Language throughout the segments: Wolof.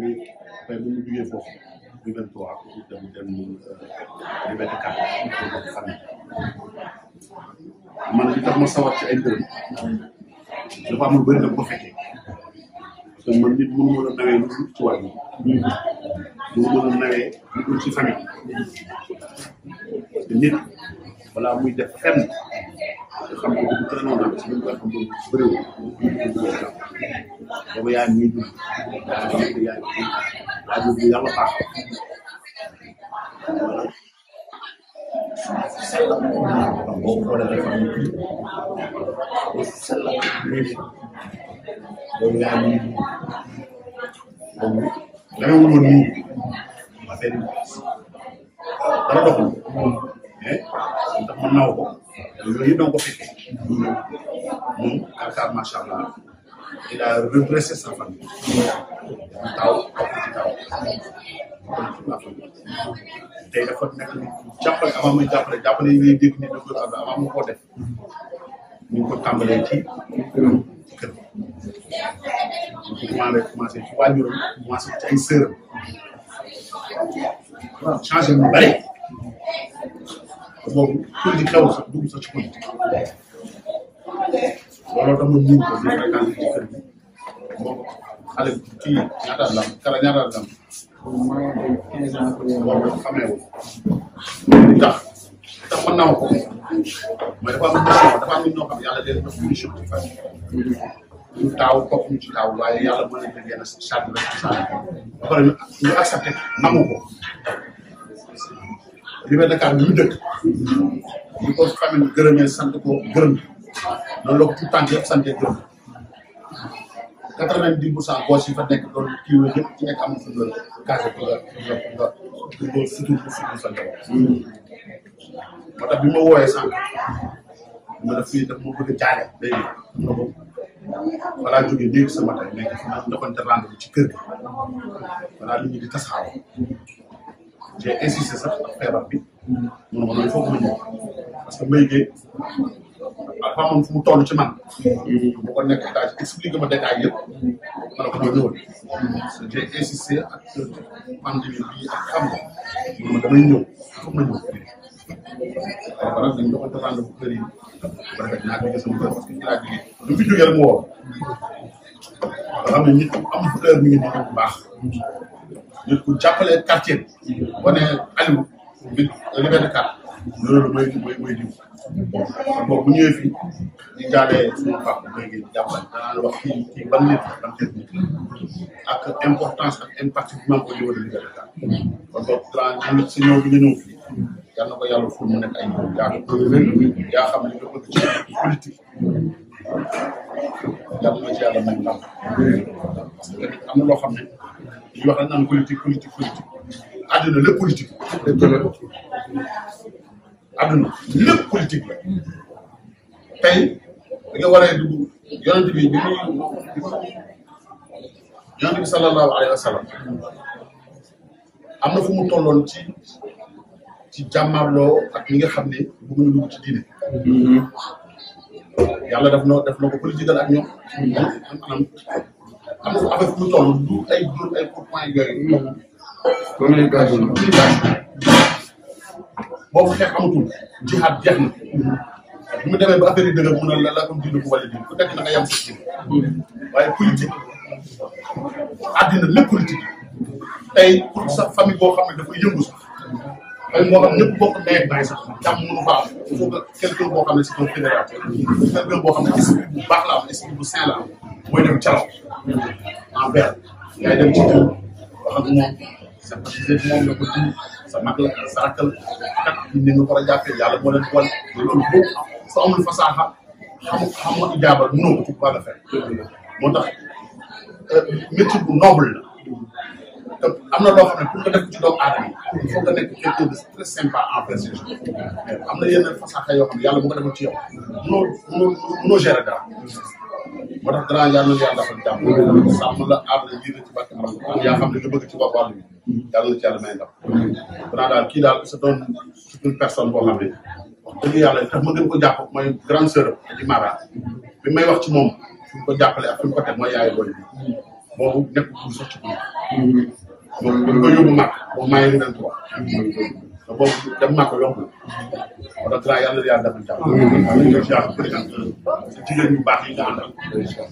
muy tey bu mu jugee foofu muy vingt trois pour dem dem euh, liberté quatre pour xam man li tax ma sawar ci ay mbiram dafa am lu bëri dama ko fekkee parce que man nit mënu mën a nawee lu dul ci wàll yi mënu mën a nawee lu dul ci famille te nit balaa muy def fenn nga xam ko bu tënoon ak si li nga xam ne bëriwul sama yaay mi ngi dund yaay boobu yàlla baax boo xoolee famille bi boobu yaay mi ngi dund boobu da nga dara doxul mais ndax mën naa ko yooyu yëpp da nga ko fekkee moom alkaar macha allah redresser sa famille taw bokk ci taw bokk ci la famille tey dafa yi ngay dégg ni docteur Abdou avant mu ko def ñu ngi ko tàmbalee ci kër maa lay commencé ci bari boobu pour di xew sax dugg sax ci politique looloo ko di fréquenté ci kër boobu xale bi kii ñaata la am kala ñaata la am. maa ngi quinze ans ko xamee wu. ndax ndax mën naa ko mooy dafa am mission ñu taaw kooku ñu taaw waaye yàlla mën nañu leen a chargé rek saa yi ba pare ñu accepté nangu ko. li may dëkk. ñu ko famille gërëmee sant ko gërëm. noonu la ko tout tànk yëpp quatre vingt bu pour cent gauche yi fa nekk doon kii woo yëpp ci nekk am na fu doon casé pour nga nga surtout pour surtout sa njaboot. moo tax bi ma wooyee sànq ma def fii daf ma bëgg a jaale day na ko balaa jógee léegi sama tey mais dafa ma ci kër gi balaa nit ñi di tasaaroo ma noonu foog dafa amoon fu mu toll ci man. Hmm, bu ko nekk daa expliqué ma détail yëpp. ma ne ko doo ñëwal. Hmm, j'ai insisté ak pandémie bi ak xam nga. ma damay ñëw foog ma ñëw. waaw par exemple dañu doon tànn bu kër yi. ba rafet naa jóge sama kër parce que ñu laa jógee. lu fi jógee rek mu woo. nga xam ne nit ku am fleur mi ngi di bu baax. nit ku jàppale quartier bi. boo nee Aliou. bi Liberté 4. loolu mooy mooy mooy diw. boobu bu ñëwee fii ñu jaaree suñu papa léegi jàppal danaan wax kii kii ban nit ban technique ak importance ak impact bi au niveau de l'État kon si ñëw bi nga ñëw fii yal ko yàlla ful mu nekk ay yaa ko parce que am na loo wax dañ naan politique politique politique àddina lépp politique. adduna lépp politique la tey da nga waree dugg yonent bi bi muy yonent bi sallallahu alayhi wa sallam am na fu mu tolloon ci ci jàmmarloo ak ñi nga xam ne bëgg na dugg ci diine yàlla daf noo daf noo ko politique ak ñoom anam am na fu affaire fu mu toll boobu xeex amatul jihaad jeex na bi mu demee ba affaire yi dëgër mu ne la la comme diine ko wala diine ku nekk na nga yem si diine waaye politique àddina lépp politique tey pour sa famille boo xam ne dafay yëngu sax famille moo xam ñëpp bokk nawet bàyyi sax jàmm mënu fa am il faut que boo xam ne c'est un fédérateur quelqu'un boo xam ne esprit bu baax la am esprit bu sain mooy dem calaw sa mag la sa rakk la kat ni nga ko war a jàppee yàlla moo leen boole loolu boobu soo amul fasaaxa xam xamu ijaaba mënoo ko ci quoi de moo tax euh, métier bu noble la. te am na loo xam ne pour nga def ci doomu aadama il nekk quelqu'un de très sympa envers les gens am na yenn fasaaxa yoo xam ne yàlla bu ko defal ci yow mënoo mënoo mënoo moo tax grand yàlla na yàlla defal jàmm sàmm la aar la lii ci barke Alxuraan yaa xam ne nga bëgg ci bopp wàll yàlla na ci yàlla may ndam daal kii daal sa doon une personne boo xam ne yàlla tax ma gën ko jàpp mooy grande sœur di Mara bi may wax ci moom fi mu ko jàppale ak fi mu ko teg mooy yaayu booy bi boobu nekk bu sax ci moom bu ñu ko yóbbu màkk moom maa ngi leen ko wax te boobu dem màkk yomb moo tax daal yàlla yàlla defal ah. jigéen ñu baax yi nga àndal.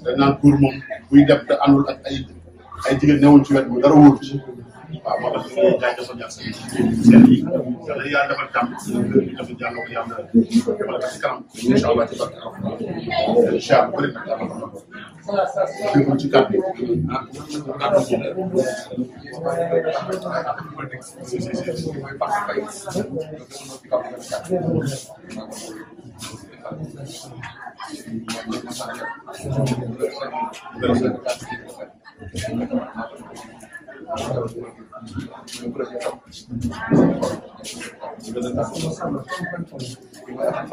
dañ naan góor moom buy def te àndul ak ay ay jigéen newul ci wet bi dara wóor ci. waaw moo tax ñu ngi jaay defal jàmm seen seen yi yàlla yàlla defal jàmm. ñu ci kàddu gi. ah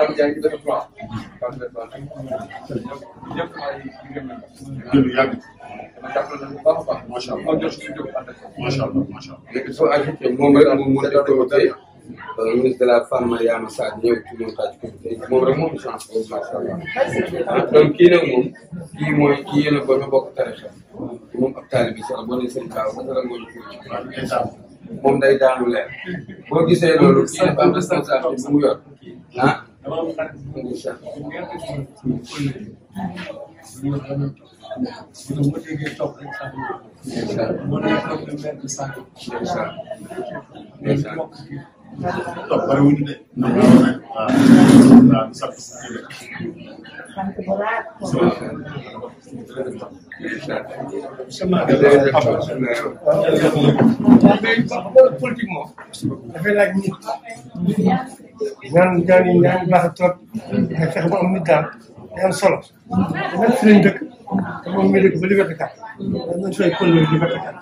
Dame Ndiaye di def 3. ñëpp ay liggéey nañ ko. jël yàgg. dama jàppale bu baax a baax. macha allah ma jot suñu jóg ànd ak. macha allah macha allah. léegi il faut ajouter moom rek moom moo teewtoo tey ministre de la femme Mariama Sarr ñëw ci montage comité moom rek moom chance boobu macha allah. donc kii nag moom kii mooy kii yéen a ba ñu bokk tarixa moom ab taalibe bi sax boo nee seen kaaw ba dara moo ñu moom day daanu leer boo gisee loolu kii dafa am responsabilité bu mu yor ah. dama am xarit bu neex a ci moom pëlëri lu wax dama topp bu doon ma déggee topp rek sax mu moo ne topp de mère de sac mais bokk ci topp bari wuñu de waaw sant bu laat sama politique dafay laaj nit ñaan ñaan yi ñaan baax a trop nga fexe ba am nit daal day am solo nag fi lañ dëkk te moom mi dëkk ba liberté kat dañ fay kóllëre liberté kat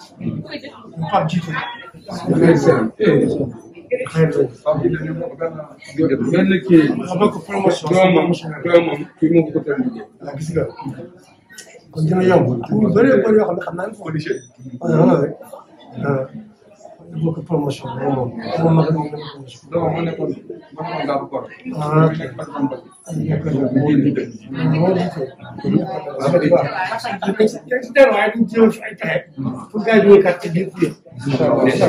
Pape jiitu benn kii ma ko promotion doomam doomam kii moo ko gis kon dina yomb am ñu bëree bëri yoo xam ne xam naa ne foofu liggéey. Ah, ah, ah. bokk promotion moom moom moom mag moom la promotion. donc moo nekkoon moo nekkoon gaaw kor. ah ok moo ñu dëkk. moo ñu dëkk. waaw waaw waaw. dañ si delluwaay dañ jëloon fi ay pexe. pour gars yi ñuy kat ci biir biir. incha allah incha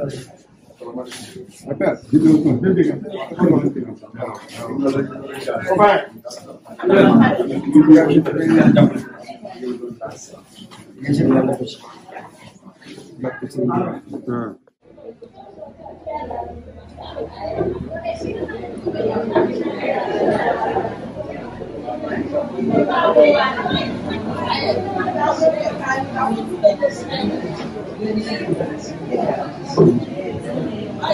allah. опять видео бибига. Бабай. Да. Thank you.